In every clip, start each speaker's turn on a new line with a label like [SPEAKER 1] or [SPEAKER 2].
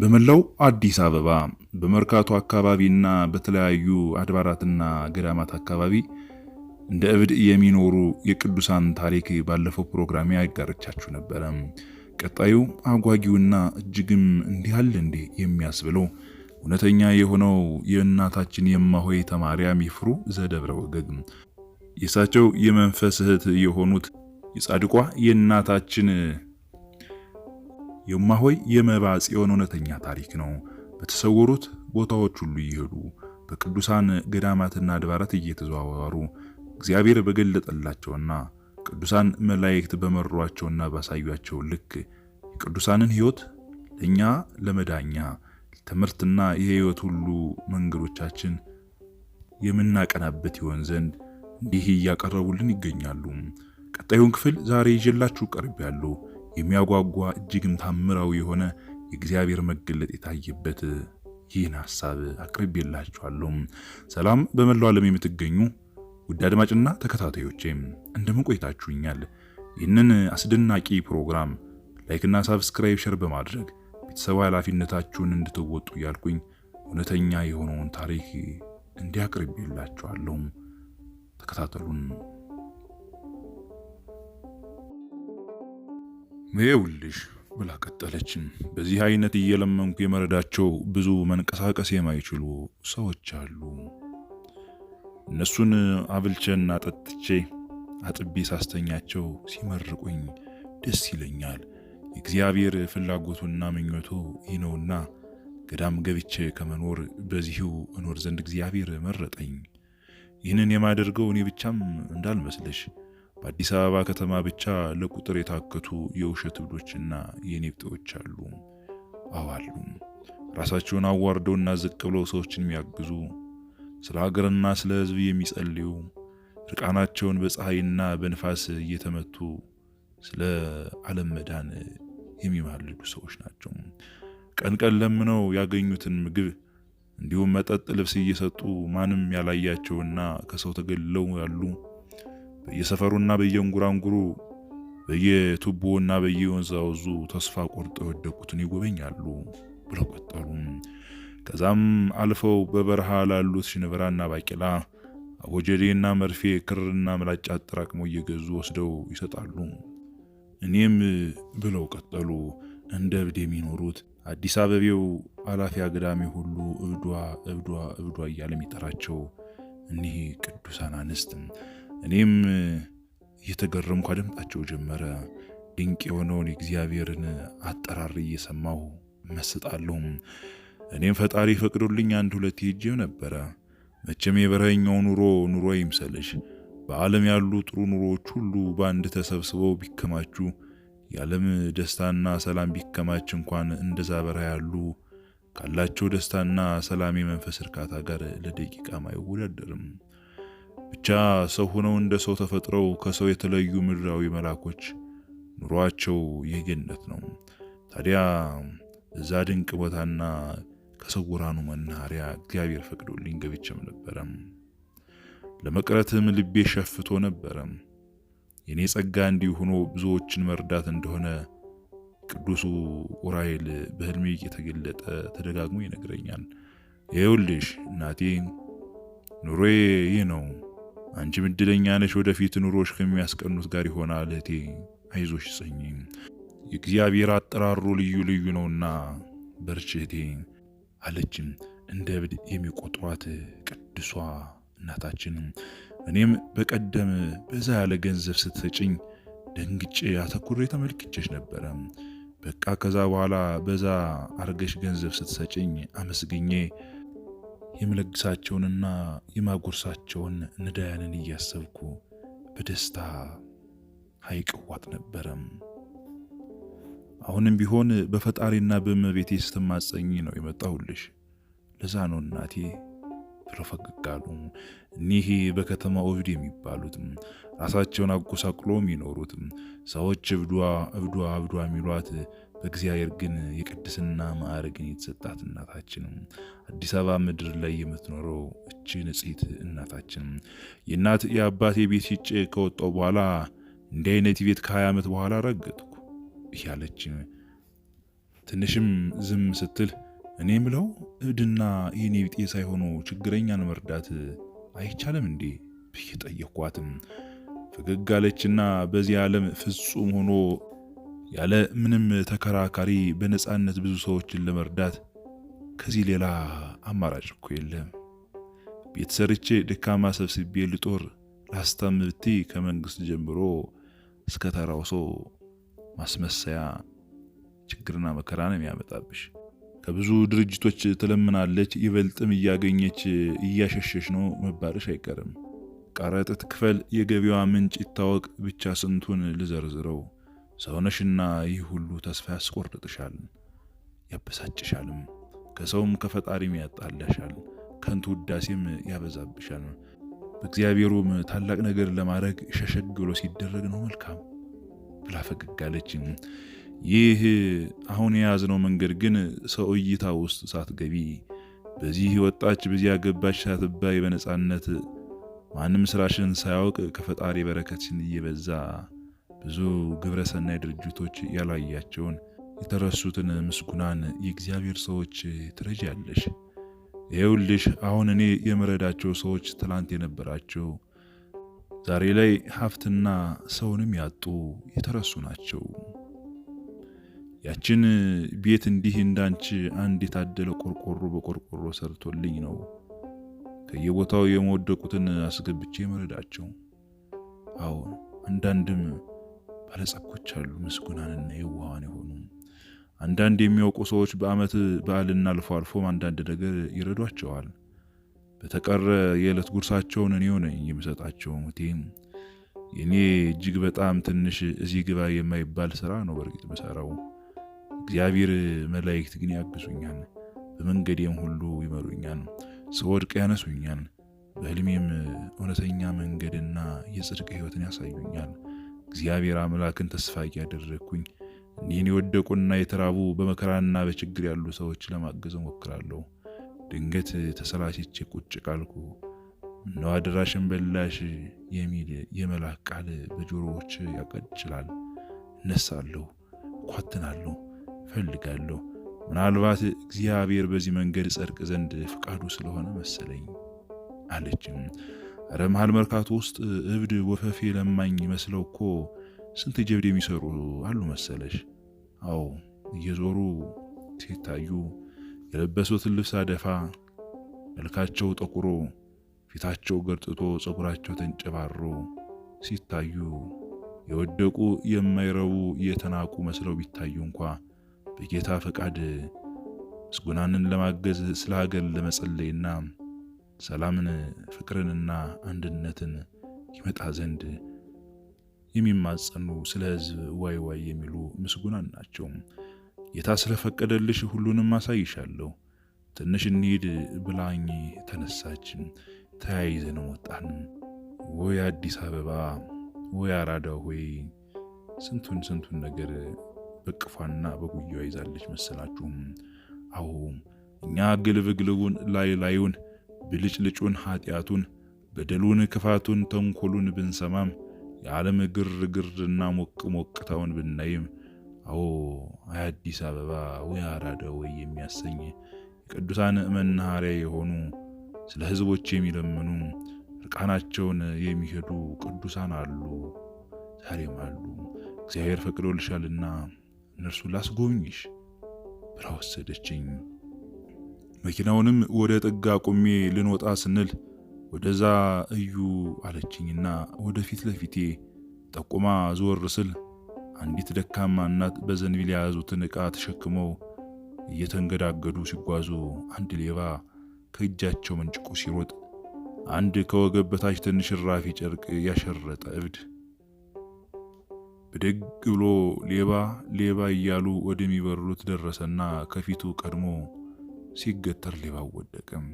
[SPEAKER 1] በመላው አዲስ አበባ በመርካቶ አካባቢና በተለያዩ አድባራትና ገዳማት አካባቢ እንደ እብድ የሚኖሩ የቅዱሳን ታሪክ ባለፈው ፕሮግራሜ ያጋረቻችሁ ነበረ። ቀጣዩ አጓጊውና እጅግም እንዲህ አለ እንዴ የሚያስብለው እውነተኛ የሆነው የእናታችን የማሆይ ተማርያም ይፍሩ ዘደብረ ወገግ የእሳቸው የመንፈስ እህት የሆኑት የጻድቋ የእናታችን የማሆይ የመባ ጽዮን እውነተኛ ታሪክ ነው። በተሰወሩት ቦታዎች ሁሉ እየሄዱ በቅዱሳን ገዳማትና አድባራት እየተዘዋወሩ እግዚአብሔር በገለጠላቸውና ቅዱሳን መላእክት በመሯቸውና ባሳያቸው ልክ የቅዱሳንን ሕይወት ለእኛ ለመዳኛ ትምህርትና የሕይወት ሁሉ መንገዶቻችን የምናቀናበት ይሆን ዘንድ እንዲህ እያቀረቡልን ይገኛሉ። ቀጣዩን ክፍል ዛሬ ይዤላችሁ ቀርቤያለሁ። የሚያጓጓ እጅግም ታምራዊ የሆነ የእግዚአብሔር መገለጥ የታየበት ይህን ሀሳብ አቅርቤላችኋለሁ። ሰላም በመላው ዓለም የምትገኙ ውድ አድማጭና ተከታታዮቼ እንደምን ቆይታችሁኛል? ይህንን አስደናቂ ፕሮግራም ላይክና ሳብስክራይብ ሸር በማድረግ ቤተሰባዊ ኃላፊነታችሁን እንድትወጡ እያልኩኝ እውነተኛ የሆነውን ታሪክ እንዲያቅርቤላችኋለሁ። ተከታተሉን። ይውልሽ ብላ ቀጠለችም። በዚህ አይነት እየለመንኩ የመረዳቸው ብዙ መንቀሳቀስ የማይችሉ ሰዎች አሉ። እነሱን አብልቼና ጠጥቼ አጥቤ ሳስተኛቸው ሲመርቁኝ ደስ ይለኛል። የእግዚአብሔር ፍላጎቱና ምኞቱ ይህ ነውና ገዳም ገብቼ ከመኖር በዚሁ እኖር ዘንድ እግዚአብሔር መረጠኝ። ይህንን የማደርገው እኔ ብቻም እንዳልመስልሽ በአዲስ አበባ ከተማ ብቻ ለቁጥር የታከቱ የውሸት እብዶችና የኔብጤዎች አሉ። አዋሉ ራሳቸውን አዋርደውና ዝቅ ብለው ሰዎችን የሚያግዙ፣ ስለ ሀገርና ስለ ሕዝብ የሚጸልዩ፣ እርቃናቸውን በፀሐይና በንፋስ እየተመቱ ስለ ዓለም መዳን የሚማልዱ ሰዎች ናቸው። ቀን ቀን ለምነው ያገኙትን ምግብ እንዲሁም መጠጥ፣ ልብስ እየሰጡ ማንም ያላያቸውና ከሰው ተገልለው ያሉ በየሰፈሩና በየእንጉራንጉሩ በየቱቦና በየወንዛውዙ ተስፋ ቆርጠው የወደቁትን ይጎበኛሉ ብለው ቀጠሉ። ከዛም አልፈው በበረሃ ላሉት ሽንብራና ባቄላ አቦጀዴና መርፌ ክርና ምላጫ አጠራቅመው እየገዙ ወስደው ይሰጣሉ። እኔም ብለው ቀጠሉ እንደ እብድ የሚኖሩት አዲስ አበቤው አላፊ አግዳሚ ሁሉ እብዷ እብዷ እብዷ እያለም ይጠራቸው እኒህ ቅዱሳን አንስት እኔም እየተገረምኩ አደምጣቸው ጀመረ። ድንቅ የሆነውን የእግዚአብሔርን አጠራር እየሰማሁ መስጣለሁም። እኔም ፈጣሪ ፈቅዶልኝ አንድ ሁለት ሄጄም ነበረ። መቼም የበረኛው ኑሮ ኑሮ ይምሰልሽ። በዓለም ያሉ ጥሩ ኑሮዎች ሁሉ በአንድ ተሰብስበው ቢከማቹ፣ የዓለም ደስታና ሰላም ቢከማች እንኳን እንደዛ በረሃ ያሉ ካላቸው ደስታና ሰላም የመንፈስ እርካታ ጋር ለደቂቃም አይወዳደርም። ብቻ ሰው ሆነው እንደ ሰው ተፈጥረው ከሰው የተለዩ ምድራዊ መላኮች ኑሯቸው ይህ ነው። ታዲያ እዛ ድንቅ ቦታና ከሰውራኑ መናኸሪያ እግዚአብሔር ፈቅዶልኝ ገብቼም ነበረም። ለመቅረትም ልቤ ሸፍቶ ነበረም። የኔ ጸጋ እንዲህ ሆኖ ብዙዎችን መርዳት እንደሆነ ቅዱሱ ኡራኤል በህልሜ እየተገለጠ ተደጋግሞ ይነግረኛል። ይኸውልሽ እናቴ ኑሮዬ ይህ ነው አንቺም እድለኛ ነሽ። ወደፊት ኑሮሽ ከሚያስቀኑት ጋር ይሆናል። እህቴ አይዞሽ ጽኚ፣ የእግዚአብሔር አጠራሩ ልዩ ልዩ ነውና በርቺ እህቴ አለችም። እንደ እብድ የሚቆጥሯት ቅዱሷ እናታችን እኔም በቀደም በዛ ያለ ገንዘብ ስትሰጭኝ ደንግጬ አተኩሬ ተመልክቼሽ ነበረ። በቃ ከዛ በኋላ በዛ አርገሽ ገንዘብ ስትሰጭኝ አመስግኜ የመለግሳቸውንና የማጎርሳቸውን ነዳያንን እያሰብኩ በደስታ ሐይቅ ዋጥ ነበረም። አሁንም ቢሆን በፈጣሪና በእመቤቴ ስትማጸኝ ነው የመጣሁልሽ። ለዛ ነው እናቴ ብለው ፈገግ አሉ። እኒህ በከተማ እብድ የሚባሉት ራሳቸውን አጎሳቅሎ የሚኖሩት ሰዎች እብዷ እብዷ እብዷ የሚሏት በእግዚአብሔር ግን የቅድስና ማዕረግን የተሰጣት እናታችንም አዲስ አበባ ምድር ላይ የምትኖረው እቺ ንጽሕት እናታችን የእናት የአባቴ ቤት ሽጬ ከወጣው በኋላ እንዲህ አይነት ቤት ከሀያ ዓመት በኋላ ረገጥኩ እያለች ትንሽም ዝም ስትል እኔ ምለው እድና የኔ ቢጤ ሳይሆኑ ችግረኛን መርዳት አይቻልም እንዴ ብዬ ጠየኳትም። ፈገግ አለችና በዚህ ዓለም ፍጹም ሆኖ ያለ ምንም ተከራካሪ በነፃነት ብዙ ሰዎችን ለመርዳት ከዚህ ሌላ አማራጭ እኮ የለም። ቤት ሰርቼ ደካማ ሰብስቤ ልጦር ላስታም ብቲ ከመንግስት ጀምሮ እስከ ተራው ሰው ማስመሰያ ችግርና መከራ ነው የሚያመጣብሽ። ከብዙ ድርጅቶች ትለምናለች፣ ይበልጥም እያገኘች እያሸሸች ነው መባልሽ አይቀርም። ቀረጥ ትክፈል፣ የገቢዋ ምንጭ ይታወቅ፣ ብቻ ስንቱን ልዘርዝረው ሰውነሽና ይህ ሁሉ ተስፋ ያስቆርጥሻል፣ ያበሳጭሻልም፣ ከሰውም ከፈጣሪም ያጣላሻል፣ ከንቱ ውዳሴም ያበዛብሻል። በእግዚአብሔሩም ታላቅ ነገር ለማድረግ ሸሸግ ብሎ ሲደረግ ነው መልካም ብላ ፈገግ አለች። ይህ አሁን የያዝነው መንገድ ግን ሰው እይታ ውስጥ ሳትገቢ በዚህ ወጣች በዚያ ያገባች ሳትባይ በነፃነት ማንም ስራሽን ሳያውቅ ከፈጣሪ በረከትን እየበዛ ብዙ ግብረሰናይ ድርጅቶች ያላያቸውን የተረሱትን ምስጉናን የእግዚአብሔር ሰዎች ትረጃለሽ። ይኸውልሽ አሁን እኔ የምረዳቸው ሰዎች ትላንት የነበራቸው ዛሬ ላይ ሀብትና ሰውንም ያጡ የተረሱ ናቸው። ያችን ቤት እንዲህ እንዳንቺ አንድ የታደለ ቆርቆሮ በቆርቆሮ ሰርቶልኝ ነው ከየቦታው የመወደቁትን አስገብቼ የምረዳቸው። አዎ አንዳንድም ባለጸጎች አሉ፣ ምስጉናንና የዋሃን የሆኑ አንዳንድ የሚያውቁ ሰዎች በዓመት በዓልና አልፎ አልፎም አንዳንድ ነገር ይረዷቸዋል። በተቀረ የዕለት ጉርሳቸውን እኔው ነኝ የምሰጣቸው። ሙቴም የእኔ እጅግ በጣም ትንሽ እዚህ ግባ የማይባል ስራ ነው በእርግጥ ምሰራው። እግዚአብሔር መላእክት ግን ያግዙኛል፣ በመንገዴም ሁሉ ይመሩኛል፣ ስወድቅ ያነሱኛል፣ በህልሜም እውነተኛ መንገድና የጽድቅ ህይወትን ያሳዩኛል። እግዚአብሔር አምላክን ተስፋ ያደረግኩኝ እኒህን የወደቁና የተራቡ በመከራና በችግር ያሉ ሰዎች ለማገዝ ሞክራለሁ። ድንገት ተሰላሲቼ ቁጭ ቃልኩ። እነው አድራሽን በላሽ የሚል የመላክ ቃል በጆሮዎች ያቀጭላል። እነሳለሁ፣ ኳትናለሁ እፈልጋለሁ። ምናልባት እግዚአብሔር በዚህ መንገድ ጸድቅ ዘንድ ፍቃዱ ስለሆነ መሰለኝ አለችም። እረ መሃል መርካቶ ውስጥ እብድ ወፈፌ ለማኝ መስለው እኮ ስንት ጀብድ የሚሰሩ አሉ መሰለሽ። አዎ እየዞሩ ሲታዩ የለበሱትን ልብስ አደፋ፣ መልካቸው ጠቁሮ፣ ፊታቸው ገርጥቶ፣ ፀጉራቸው ተንጨባሮ ሲታዩ የወደቁ የማይረቡ የተናቁ መስለው ቢታዩ እንኳ በጌታ ፈቃድ ምስጉናንን ለማገዝ ስለ ሀገር ለመጸለይና ሰላምን ፍቅርንና አንድነትን ይመጣ ዘንድ የሚማጸኑ ስለ ሕዝብ ዋይ ዋይ የሚሉ ምስጉናን ናቸው። ጌታ ስለፈቀደልሽ ሁሉንም አሳይሻለሁ። ትንሽ እንሂድ ብላኝ ተነሳች። ተያይዘን ወጣን። ወይ አዲስ አበባ፣ ወይ አራዳ ሆይ ስንቱን ስንቱን ነገር በቅፏና በጉያዋ ይዛለች መሰላችሁም? አሁ እኛ ግልብግልቡን ላይ ላዩን ብልጭልጩን ኃጢአቱን፣ በደሉን፣ ክፋቱን፣ ተንኮሉን ብንሰማም የዓለም ግርግርና ሞቅ ሞቅታውን ብናይም አዎ አዲስ አበባ ወይ አራዳ ወይ የሚያሰኝ የቅዱሳን መናኸሪያ የሆኑ ስለ ሕዝቦች የሚለምኑ እርቃናቸውን የሚሄዱ ቅዱሳን አሉ፣ ዛሬም አሉ። እግዚአብሔር ፈቅዶልሻልና እነርሱ ላስጎብኝሽ ብላ ወሰደችኝ። መኪናውንም ወደ ጥጋ ቆሜ ልንወጣ ስንል ወደዛ እዩ አለችኝና ወደፊት ለፊቴ ጠቁማ ዞር ስል አንዲት ደካማ እናት በዘንቢል የያዙትን ዕቃ ተሸክመው እየተንገዳገዱ ሲጓዙ አንድ ሌባ ከእጃቸው መንጭቆ ሲሮጥ አንድ ከወገብ በታች ትንሽ ራፊ ጨርቅ ያሸረጠ እብድ ብድግ ብሎ ሌባ ሌባ እያሉ ወደሚበሩት ደረሰና ከፊቱ ቀድሞ ሲገተር ሌባው ወደቀም።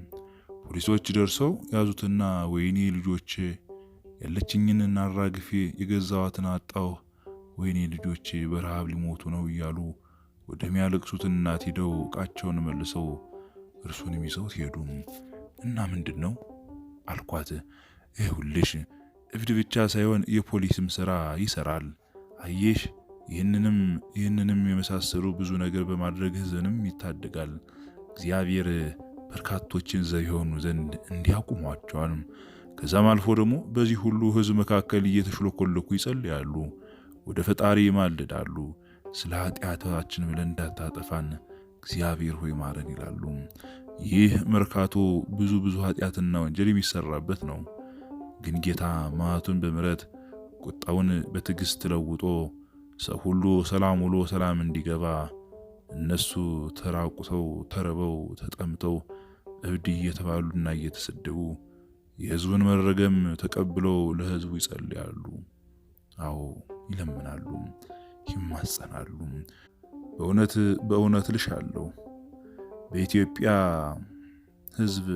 [SPEAKER 1] ፖሊሶች ደርሰው ያዙትና ወይኔ ልጆቼ ያለችኝን አራግፌ የገዛዋትን አጣሁ፣ ወይኔ ልጆቼ በረሃብ ሊሞቱ ነው እያሉ ወደሚያለቅሱት እናት ሂደው እቃቸውን መልሰው እርሱን ይዘውት ሄዱም። እና ምንድን ነው አልኳት። ይኸውልሽ እብድ ብቻ ሳይሆን የፖሊስም ስራ ይሰራል። አየሽ፣ ይህንንም ይህንንም የመሳሰሉ ብዙ ነገር በማድረግ ህዝብንም ይታደጋል። እግዚአብሔር በርካቶችን ዘብ የሆኑ ዘንድ እንዲያቁሟቸዋል። ከዛም አልፎ ደግሞ በዚህ ሁሉ ህዝብ መካከል እየተሽለኮለኩ ይጸልያሉ፣ ወደ ፈጣሪ ይማልዳሉ። ስለ ኃጢአታችን ብለን እንዳታጠፋን እግዚአብሔር ሆይ ማረን ይላሉ። ይህ መርካቶ ብዙ ብዙ ኃጢአትና ወንጀል የሚሰራበት ነው። ግን ጌታ ማቱን በምረት ቁጣውን በትዕግስት ለውጦ ሰው ሁሉ ሰላም ውሎ ሰላም እንዲገባ እነሱ ተራቁተው ተርበው ተጠምተው እብድ እየተባሉና እየተሰደቡ የህዝቡን መረገም ተቀብለው ለህዝቡ ይጸልያሉ። አዎ ይለምናሉ፣ ይማጸናሉ። በእውነት በእውነት ልሻለሁ በኢትዮጵያ ህዝብ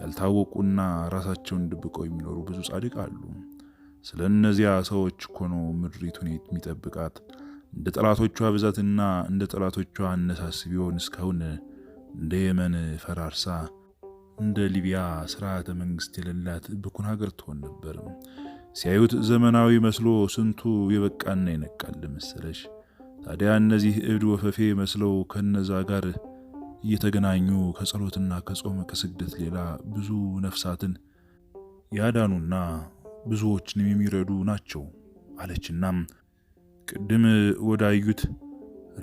[SPEAKER 1] ያልታወቁና ራሳቸውን ድብቀው የሚኖሩ ብዙ ጻድቅ አሉ። ስለ እነዚያ ሰዎች እኮ ነው ምድሪቱን የሚጠብቃት። እንደ ጠላቶቿ ብዛትና እንደ ጠላቶቿ አነሳስ ቢሆን እስካሁን እንደ የመን ፈራርሳ እንደ ሊቢያ ስርዓተ መንግስት የሌላት ብኩን ሀገር ትሆን ነበር። ሲያዩት ዘመናዊ መስሎ ስንቱ የበቃና ይነቃል መሰለሽ። ታዲያ እነዚህ እብድ ወፈፌ መስለው ከነዛ ጋር እየተገናኙ ከጸሎትና ከጾመ ከስግደት ሌላ ብዙ ነፍሳትን ያዳኑና ብዙዎችንም የሚረዱ ናቸው አለችና ቅድም ወዳዩት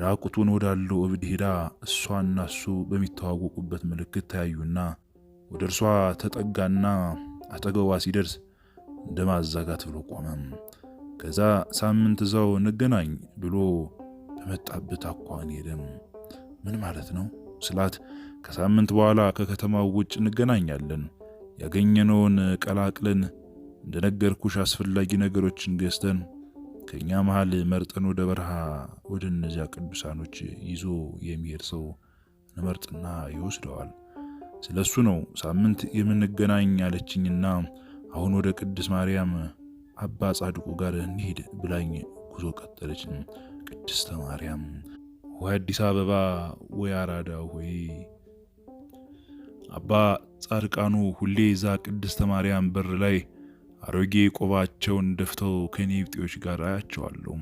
[SPEAKER 1] ራቁቱን ወዳለው እብድ ሄዳ እሷና እሱ በሚተዋወቁበት ምልክት ተያዩና ወደ እርሷ ተጠጋና አጠገቧ ሲደርስ እንደማዛጋት ብሎ ቆመም። ከዛ ሳምንት እዛው እንገናኝ ብሎ በመጣበት አኳን ሄደም። ምን ማለት ነው ስላት ከሳምንት በኋላ ከከተማው ውጭ እንገናኛለን፣ ያገኘነውን ቀላቅለን እንደነገርኩሽ አስፈላጊ ነገሮችን ገዝተን ከእኛ መሀል መርጠን ወደ በረሃ ወደ እነዚያ ቅዱሳኖች ይዞ የሚሄድ ሰው ንመርጥና ይወስደዋል። ስለ እሱ ነው ሳምንት የምንገናኝ አለችኝና አሁን ወደ ቅድስት ማርያም አባ ጻድቁ ጋር እንሄድ ብላኝ ጉዞ ቀጠለች። ቅድስተ ማርያም ወይ አዲስ አበባ ወይ አራዳ ወይ አባ ጻድቃኑ ሁሌ እዛ ቅድስተ ማርያም በር ላይ አሮጌ ቆባቸውን ደፍተው ከኔ ብጤዎች ጋር አያቸዋለሁ።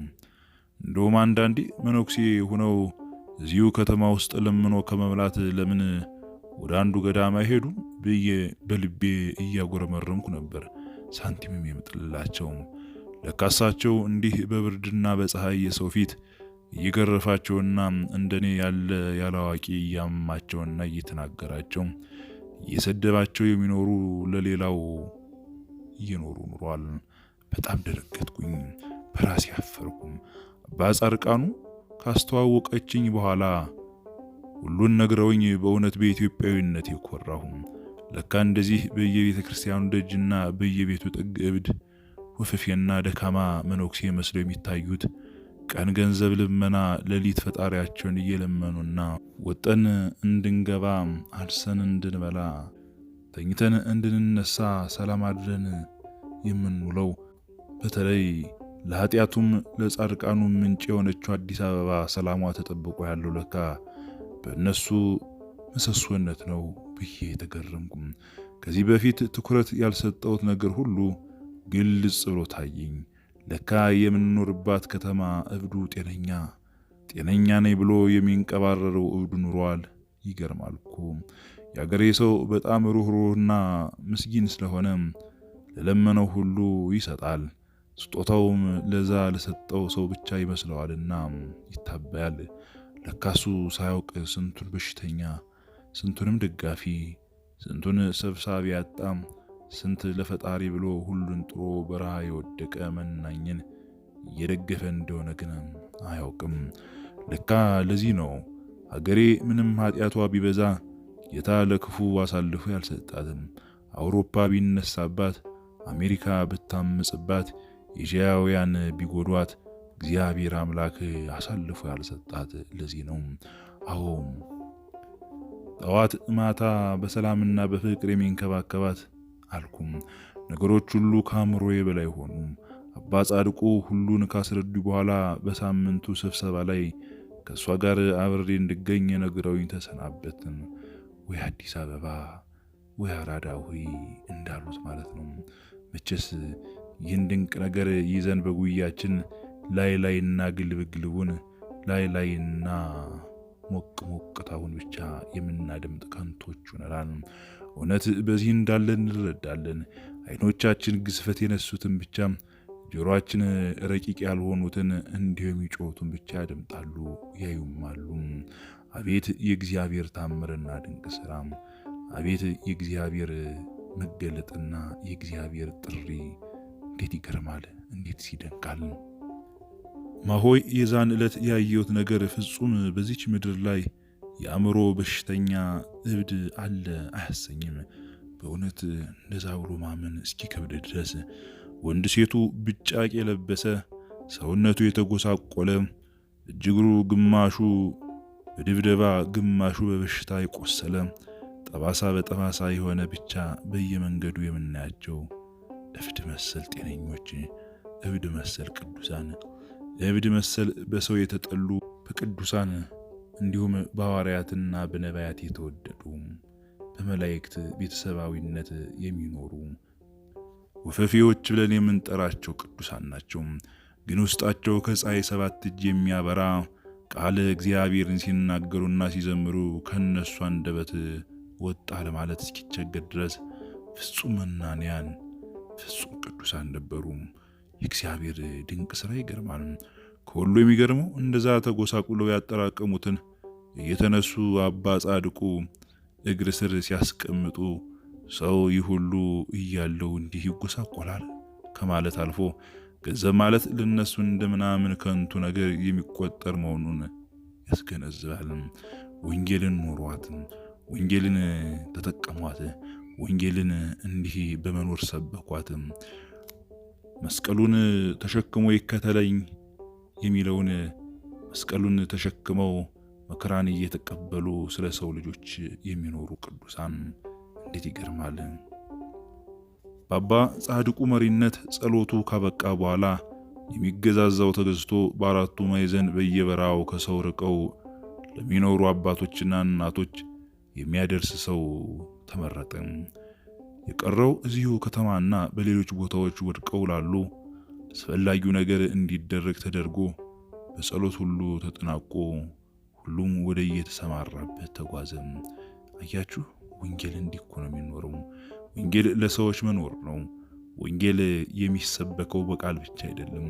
[SPEAKER 1] እንደውም አንዳንዴ መነኩሴ ሆነው እዚሁ ከተማ ውስጥ ለምኖ ከመብላት ለምን ወደ አንዱ ገዳማ አይሄዱም ብዬ በልቤ እያጎረመረምኩ ነበር። ሳንቲምም የምጥልላቸውም ለካሳቸው እንዲህ በብርድና በፀሐይ የሰው ፊት እየገረፋቸውና እንደኔ ያለ ያለዋቂ እያማቸውና እየተናገራቸው እየሰደባቸው የሚኖሩ ለሌላው እየኖሩ ኑሯል። በጣም ደረገጥኩኝ፣ በራሴ አፈርኩም። አባ ካስተዋወቀችኝ በኋላ ሁሉን ነግረውኝ በእውነት በኢትዮጵያዊነት የኮራሁም ለካ እንደዚህ በየቤተ ክርስቲያኑ ደጅና በየቤቱ ጥግ እብድ ወፈፌና ደካማ መነኩሴ መስለው የሚታዩት ቀን ገንዘብ ልመና ሌሊት ፈጣሪያቸውን እየለመኑና ወጠን እንድንገባ አልሰን እንድንበላ ተኝተን እንድንነሳ ሰላም አድረን የምንውለው በተለይ ለኃጢአቱም ለጻድቃኑ ምንጭ የሆነችው አዲስ አበባ ሰላሟ ተጠብቆ ያለው ለካ በእነሱ ምሰሶነት ነው ብዬ የተገረምኩም። ከዚህ በፊት ትኩረት ያልሰጠሁት ነገር ሁሉ ግልጽ ብሎ ታየኝ። ለካ የምንኖርባት ከተማ እብዱ ጤነኛ ጤነኛ ነኝ ብሎ የሚንቀባረረው እብዱ ኑሯል። ይገርማልኩ። የአገሬ ሰው በጣም ሩህሩህና ምስጊን ስለሆነ ለለመነው ሁሉ ይሰጣል፣ ስጦታውም ለዛ ለሰጠው ሰው ብቻ ይመስለዋልና ይታበያል። ለካሱ ሳያውቅ ስንቱን በሽተኛ፣ ስንቱንም ደጋፊ፣ ስንቱን ሰብሳቢ ያጣ፣ ስንት ለፈጣሪ ብሎ ሁሉን ጥሮ በረሃ የወደቀ መናኝን እየደገፈ እንደሆነ ግን አያውቅም። ለካ ለዚህ ነው አገሬ ምንም ኃጢአቷ ቢበዛ ጌታ ለክፉ አሳልፎ ያልሰጣትም አውሮፓ ቢነሳባት፣ አሜሪካ ብታምጽባት፣ ኤዥያውያን ቢጎዷት እግዚአብሔር አምላክ አሳልፎ ያልሰጣት ለዚህ ነው። አዎ ጠዋት ማታ በሰላምና በፍቅር የሚንከባከባት አልኩም። ነገሮች ሁሉ ከአእምሮዬ በላይ ሆኑ። አባ ጻድቁ ሁሉን ካስረዱ በኋላ በሳምንቱ ስብሰባ ላይ ከእሷ ጋር አብሬ እንድገኝ ነግረውኝ ተሰናበትን። ወይ አዲስ አበባ ወይ አራዳ ሆይ እንዳሉት ማለት ነው። መቼስ ይህን ድንቅ ነገር ይዘን በጉያችን ላይ ላይና ግልብግልቡን ላይ ላይና ሞቅ ሞቅታውን ብቻ የምናደምጥ ከንቶች ሆነናል። እውነት በዚህ እንዳለን እንረዳለን። አይኖቻችን ግዝፈት የነሱትን ብቻ፣ ጆሮአችን ረቂቅ ያልሆኑትን እንዲሁም የሚጮሁትን ብቻ ያደምጣሉ ያዩማሉ። አቤት የእግዚአብሔር ታምርና ድንቅ ሥራም፣ አቤት የእግዚአብሔር መገለጥና የእግዚአብሔር ጥሪ እንዴት ይገርማል! እንዴት ይደንቃል! ማሆይ የዛን ዕለት ያየሁት ነገር ፍጹም በዚች ምድር ላይ የአእምሮ በሽተኛ እብድ አለ አያሰኝም። በእውነት እንደዛ ብሎ ማመን እስኪከብድ ድረስ ወንድ ሴቱ ብጫቅ የለበሰ ሰውነቱ የተጎሳቆለ እጅግሩ ግማሹ በድብደባ ግማሹ በበሽታ የቆሰለ ጠባሳ በጠባሳ የሆነ ብቻ በየመንገዱ የምናያቸው እብድ መሰል ጤነኞች፣ እብድ መሰል ቅዱሳን፣ እብድ መሰል በሰው የተጠሉ በቅዱሳን እንዲሁም በሐዋርያትና በነቢያት የተወደዱ በመላእክት ቤተሰባዊነት የሚኖሩ ወፈፊዎች ብለን የምንጠራቸው ቅዱሳን ናቸው። ግን ውስጣቸው ከፀሐይ ሰባት እጅ የሚያበራ ቃለ እግዚአብሔርን ሲናገሩና ሲዘምሩ ከእነሱ አንደበት ወጣ ለማለት እስኪቸገር ድረስ ፍጹም መናንያን፣ ፍጹም ቅዱሳን ነበሩም። የእግዚአብሔር ድንቅ ስራ ይገርማል። ከሁሉ የሚገርመው እንደዛ ተጎሳቁለው ያጠራቀሙትን እየተነሱ አባ ጻድቁ እግር ስር ሲያስቀምጡ ሰው ይህ ሁሉ እያለው እንዲህ ይጎሳቆላል ከማለት አልፎ ገንዘብ ማለት ለነሱ እንደምናምን ከንቱ ነገር የሚቆጠር መሆኑን ያስገነዝባል። ወንጌልን ኖሯት፣ ወንጌልን ተጠቀሟት፣ ወንጌልን እንዲህ በመኖር ሰበኳት። መስቀሉን ተሸክሞ ይከተለኝ የሚለውን መስቀሉን ተሸክመው መከራን እየተቀበሉ ስለ ሰው ልጆች የሚኖሩ ቅዱሳን እንዴት ይገርማል! በአባ ጻድቁ መሪነት ጸሎቱ ካበቃ በኋላ የሚገዛዛው ተገዝቶ በአራቱ ማዕዘን በየበረሃው ከሰው ርቀው ለሚኖሩ አባቶችና እናቶች የሚያደርስ ሰው ተመረጠ። የቀረው እዚሁ ከተማና በሌሎች ቦታዎች ወድቀው ላሉ አስፈላጊው ነገር እንዲደረግ ተደርጎ በጸሎት ሁሉ ተጠናቆ ሁሉም ወደ የተሰማራበት ተጓዘም። አያችሁ፣ ወንጌል እንዲኮ ነው የሚኖረው። ወንጌል ለሰዎች መኖር ነው። ወንጌል የሚሰበከው በቃል ብቻ አይደለም፣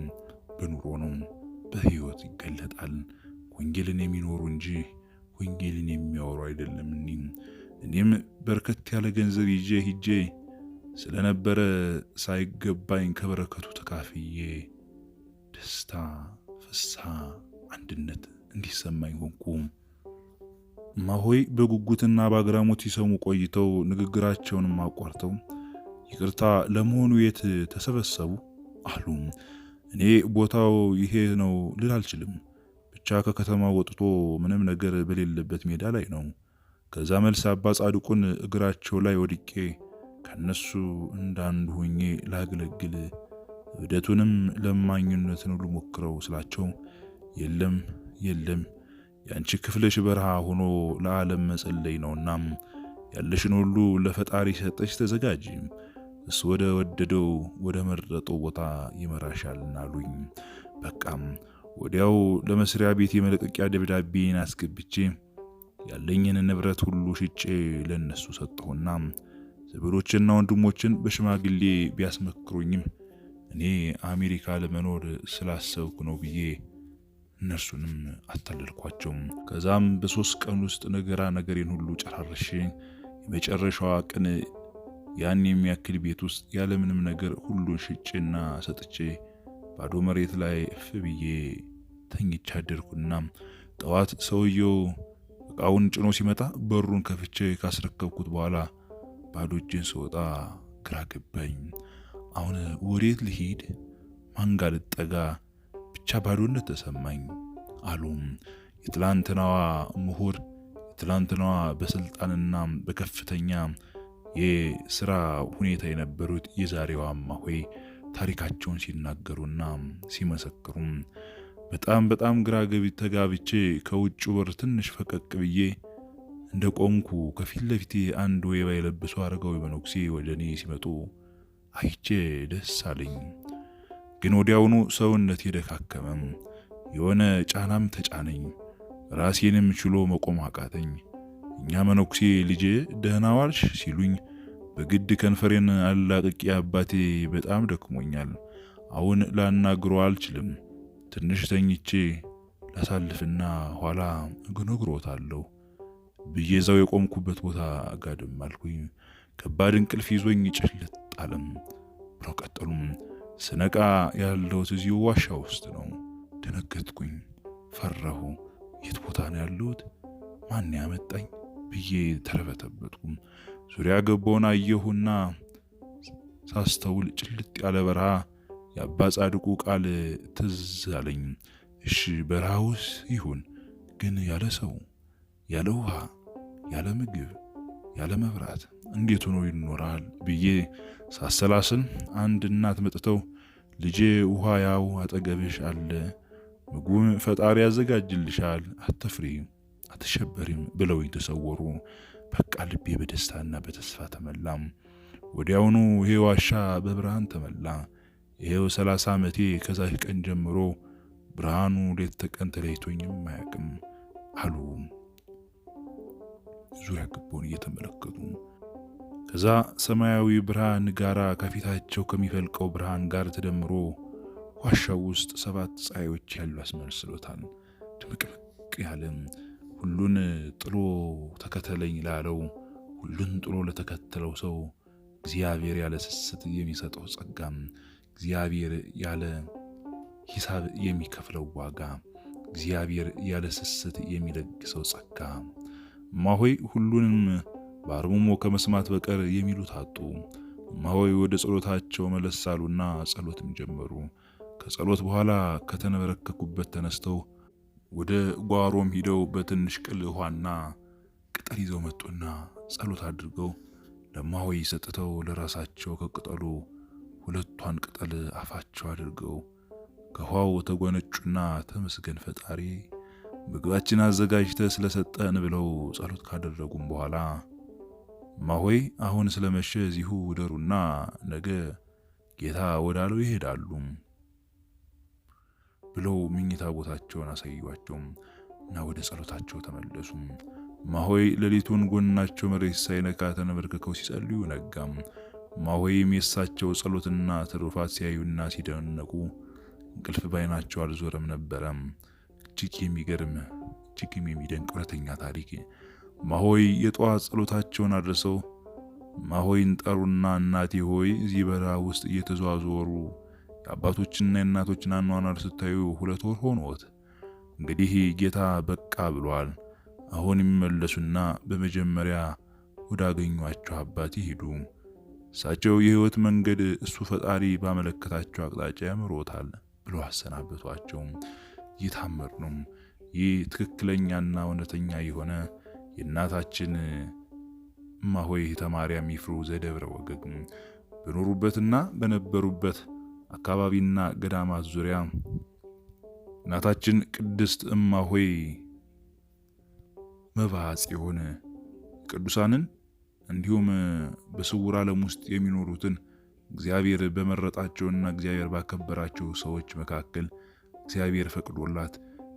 [SPEAKER 1] በኑሮ ነው፣ በህይወት ይገለጣል። ወንጌልን የሚኖሩ እንጂ ወንጌልን የሚያወሩ አይደለም። እኔም እኔም በርከት ያለ ገንዘብ ይዤ ሂጄ ስለነበረ ሳይገባኝ ከበረከቱ ተካፍዬ ደስታ፣ ፍስሐ፣ አንድነት እንዲሰማኝ ሆንኩ። ማሆይ በጉጉትና በአግራሞት ሲሰሙ ቆይተው ንግግራቸውንም አቋርተው ይቅርታ ለመሆኑ የት ተሰበሰቡ አሉ። እኔ ቦታው ይሄ ነው ልል አልችልም፣ ብቻ ከከተማ ወጥቶ ምንም ነገር በሌለበት ሜዳ ላይ ነው። ከዛ መልስ አባ ጻድቁን እግራቸው ላይ ወድቄ ከነሱ እንዳንዱ ሆኜ ላገለግል እብደቱንም ለማኝነትን ሁሉ ሞክረው ስላቸው የለም የለም ያንቺ ክፍልሽ በረሃ ሆኖ ለዓለም መጸለይ ነውና ያለሽን ሁሉ ለፈጣሪ ሰጠሽ ተዘጋጂ፣ እሱ ወደ ወደደው ወደ መረጠው ቦታ ይመራሻልና አሉኝ። በቃም ወዲያው ለመስሪያ ቤት የመለቀቂያ ደብዳቤን አስገብቼ ያለኝን ንብረት ሁሉ ሽጬ ለነሱ ሰጠሁና ዘመዶችና ወንድሞችን በሽማግሌ ቢያስመክሩኝም እኔ አሜሪካ ለመኖር ስላሰብኩ ነው ብዬ እነርሱንም አታለልኳቸውም። ከዛም በሶስት ቀን ውስጥ ነገራ ነገሬን ሁሉ ጨራርሼ የመጨረሻዋ ቀን ያን የሚያክል ቤት ውስጥ ያለምንም ነገር ሁሉን ሽጬና ሰጥቼ ባዶ መሬት ላይ እፍ ብዬ ተኝቻ አደርኩና ጠዋት ሰውየው እቃውን ጭኖ ሲመጣ በሩን ከፍቼ ካስረከብኩት በኋላ ባዶ እጄን ስወጣ ግራ ገባኝ። አሁን ወዴት ልሂድ? ማን ልጠጋ? ብቻ ባዶነት ተሰማኝ አሉ የትላንትናዋ ምሁር የትላንትናዋ በስልጣንና በከፍተኛ የስራ ሁኔታ የነበሩት የዛሬዋ እማሆይ ታሪካቸውን ሲናገሩና ሲመሰክሩም በጣም በጣም ግራ ተጋብቼ ከውጭ በር ትንሽ ፈቀቅ ብዬ እንደ ቆምኩ ከፊት ለፊቴ አንድ ወይባ የለበሱ አረጋዊ መነኩሴ ወደ እኔ ሲመጡ አይቼ ደስ አለኝ። ግን ወዲያውኑ ሰውነት የደካከመም የሆነ ጫናም ተጫነኝ። ራሴንም ችሎ መቆም አቃተኝ። እኛ መነኩሴ ልጄ ደህና ዋልሽ ሲሉኝ በግድ ከንፈሬን አላቅቄ አባቴ በጣም ደክሞኛል፣ አሁን ላናግሮ አልችልም፣ ትንሽ ተኝቼ ላሳልፍና ኋላ እነግሮታለሁ ብዬ እዛው የቆምኩበት ቦታ አጋድም አልኩኝ። ከባድ እንቅልፍ ይዞኝ ጭልጥ አለም ብለው ቀጠሉም። ስነቃ ያለሁት እዚሁ ዋሻ ውስጥ ነው። ደነገጥኩኝ፣ ፈራሁ። የት ቦታ ነው ያለሁት? ማን ያመጣኝ ብዬ ተረበተበጥኩም። ዙሪያ ገባውን አየሁና ሳስተውል ጭልጥ ያለ በረሃ የአባ ጻድቁ ቃል ትዝ አለኝ። እሺ በረሃውስ ይሁን ግን ያለ ሰው፣ ያለ ውሃ፣ ያለ ምግብ፣ ያለ መብራት እንዴት ሆኖ ይኖራል ብዬ ሳሰላስል አንድ እናት መጥተው ልጄ ውሃ ያው አጠገብሽ አለ፣ ምግቡን ፈጣሪ ያዘጋጅልሻል፣ አትፍሪ፣ አትሸበሪም ብለው የተሰወሩ በቃ ልቤ በደስታና በተስፋ ተመላም። ወዲያውኑ ይሄ ዋሻ በብርሃን ተመላ። ይሄው ሰላሳ ዓመቴ ከዛሽ ቀን ጀምሮ ብርሃኑ ሌት ተቀን ተለይቶኝም አያውቅም አሉ ዙሪያ ግቦን እየተመለከቱ ከዛ ሰማያዊ ብርሃን ጋራ ከፊታቸው ከሚፈልቀው ብርሃን ጋር ተደምሮ ዋሻው ውስጥ ሰባት ፀሐዮች ያሉ አስመስሎታል። ድምቅምቅ ያለም ሁሉን ጥሎ ተከተለኝ ላለው ሁሉን ጥሎ ለተከተለው ሰው እግዚአብሔር ያለ ስስት የሚሰጠው ጸጋም፣ እግዚአብሔር ያለ ሂሳብ የሚከፍለው ዋጋ፣ እግዚአብሔር ያለ ስስት የሚለግሰው ጸጋ ማሆይ ሁሉንም በአርምሞ ከመስማት በቀር የሚሉት አጡ። እማሆይ ወደ ጸሎታቸው መለስ አሉና ጸሎትም ጀመሩ። ከጸሎት በኋላ ከተነበረከኩበት ተነስተው ወደ ጓሮም ሂደው በትንሽ ቅል ውሃና ቅጠል ይዘው መጡና ጸሎት አድርገው ለማሆይ ሰጥተው ለራሳቸው ከቅጠሉ ሁለቷን ቅጠል አፋቸው አድርገው ከውሃው ተጎነጩና ተመስገን ፈጣሪ ምግባችን አዘጋጅተ ስለሰጠን ብለው ጸሎት ካደረጉም በኋላ ማሆይ አሁን ስለመሸ እዚሁ ውደሩና ነገ ጌታ ወዳለው ይሄዳሉ ብለው ምኝታ ቦታቸውን አሳዩአቸው እና ወደ ጸሎታቸው ተመለሱ። ማሆይ ሌሊቱን ጎናቸው መሬት ሳይነካ ተንበርክከው ሲጸልዩ ነጋም። ማሆይም የእሳቸው ጸሎትና ትሩፋት ሲያዩና ሲደነቁ እንቅልፍ ባይናቸው አልዞረም ነበረም። እጅግ የሚገርም እጅግም የሚደንቅ እውነተኛ ታሪክ ማሆይ የጠዋት ጸሎታቸውን አድርሰው ማሆይን ጠሩና እናቴ ሆይ እዚህ በረሃ ውስጥ እየተዘዋወሩ የአባቶችና የእናቶችን አኗኗር ስታዩ ሁለት ወር ሆኖት፣ እንግዲህ ጌታ በቃ ብሏል። አሁን የሚመለሱና በመጀመሪያ ወዳገኟቸው አባት ይሄዱ። እሳቸው የህይወት መንገድ እሱ ፈጣሪ ባመለከታቸው አቅጣጫ ያምሮታል ብሎ አሰናበቷቸው። ይታመር ነው። ይህ ትክክለኛና እውነተኛ የሆነ የእናታችን እማሆይ ተማርያም ይፍሩ ዘደብረ ወገግ በኖሩበትና በነበሩበት አካባቢና ገዳማት ዙሪያ እናታችን ቅድስት እማሆይ መባጽ የሆነ ቅዱሳንን እንዲሁም በስውር ዓለም ውስጥ የሚኖሩትን እግዚአብሔር በመረጣቸውና እግዚአብሔር ባከበራቸው ሰዎች መካከል እግዚአብሔር ፈቅዶላት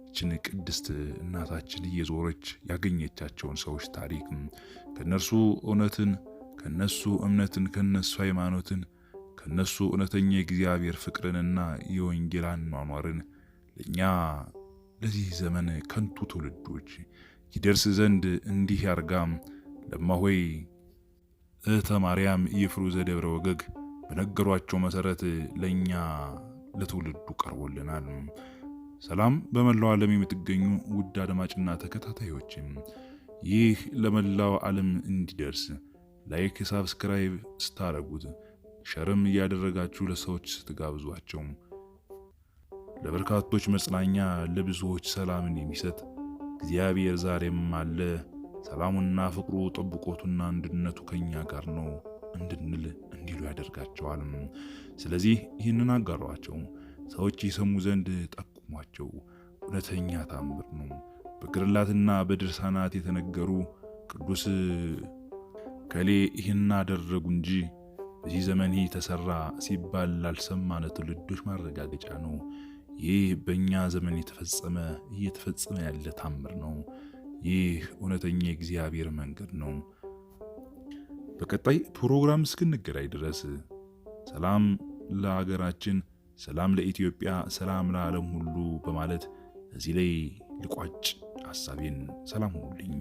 [SPEAKER 1] ይችን ቅድስት እናታችን እየዞረች ያገኘቻቸውን ሰዎች ታሪክ ከነርሱ እውነትን ከነሱ እምነትን ከነሱ ሃይማኖትን ከነሱ እውነተኛ የእግዚአብሔር ፍቅርንና የወንጌል አኗኗርን ለእኛ ለዚህ ዘመን ከንቱ ትውልዶች ይደርስ ዘንድ እንዲህ ያርጋም ለማሆይ እህተ ማርያም የፍሩዘ ደብረ ወገግ በነገሯቸው መሰረት ለእኛ ለትውልዱ ቀርቦልናል። ሰላም በመላው ዓለም የምትገኙ ውድ አድማጭና ተከታታዮችም ይህ ለመላው ዓለም እንዲደርስ ላይክ፣ ሳብስክራይብ ስታረጉት ሸርም እያደረጋችሁ ለሰዎች ስትጋብዟቸው ለበርካቶች መጽናኛ ለብዙዎች ሰላምን የሚሰጥ እግዚአብሔር ዛሬም አለ ሰላሙና ፍቅሩ ጥብቆቱና አንድነቱ ከኛ ጋር ነው እንድንል እንዲሉ ያደርጋቸዋል። ስለዚህ ይህንን አጋሯቸው ሰዎች ይሰሙ ዘንድ የሚጠቅሟቸው እውነተኛ ታምር ነው። በግርላትና በድርሳናት የተነገሩ ቅዱስ ከሌ ይህን አደረጉ እንጂ በዚህ ዘመን ይህ ተሰራ ሲባል ላልሰማነ ትውልዶች ማረጋገጫ ነው። ይህ በእኛ ዘመን የተፈጸመ እየተፈጸመ ያለ ታምር ነው። ይህ እውነተኛ የእግዚአብሔር መንገድ ነው። በቀጣይ ፕሮግራም እስክንገዳይ ድረስ ሰላም ለሀገራችን ሰላም ለኢትዮጵያ፣ ሰላም ለዓለም ሁሉ በማለት እዚህ ላይ ልቋጭ ሐሳቤን። ሰላም ሁኑልኝ።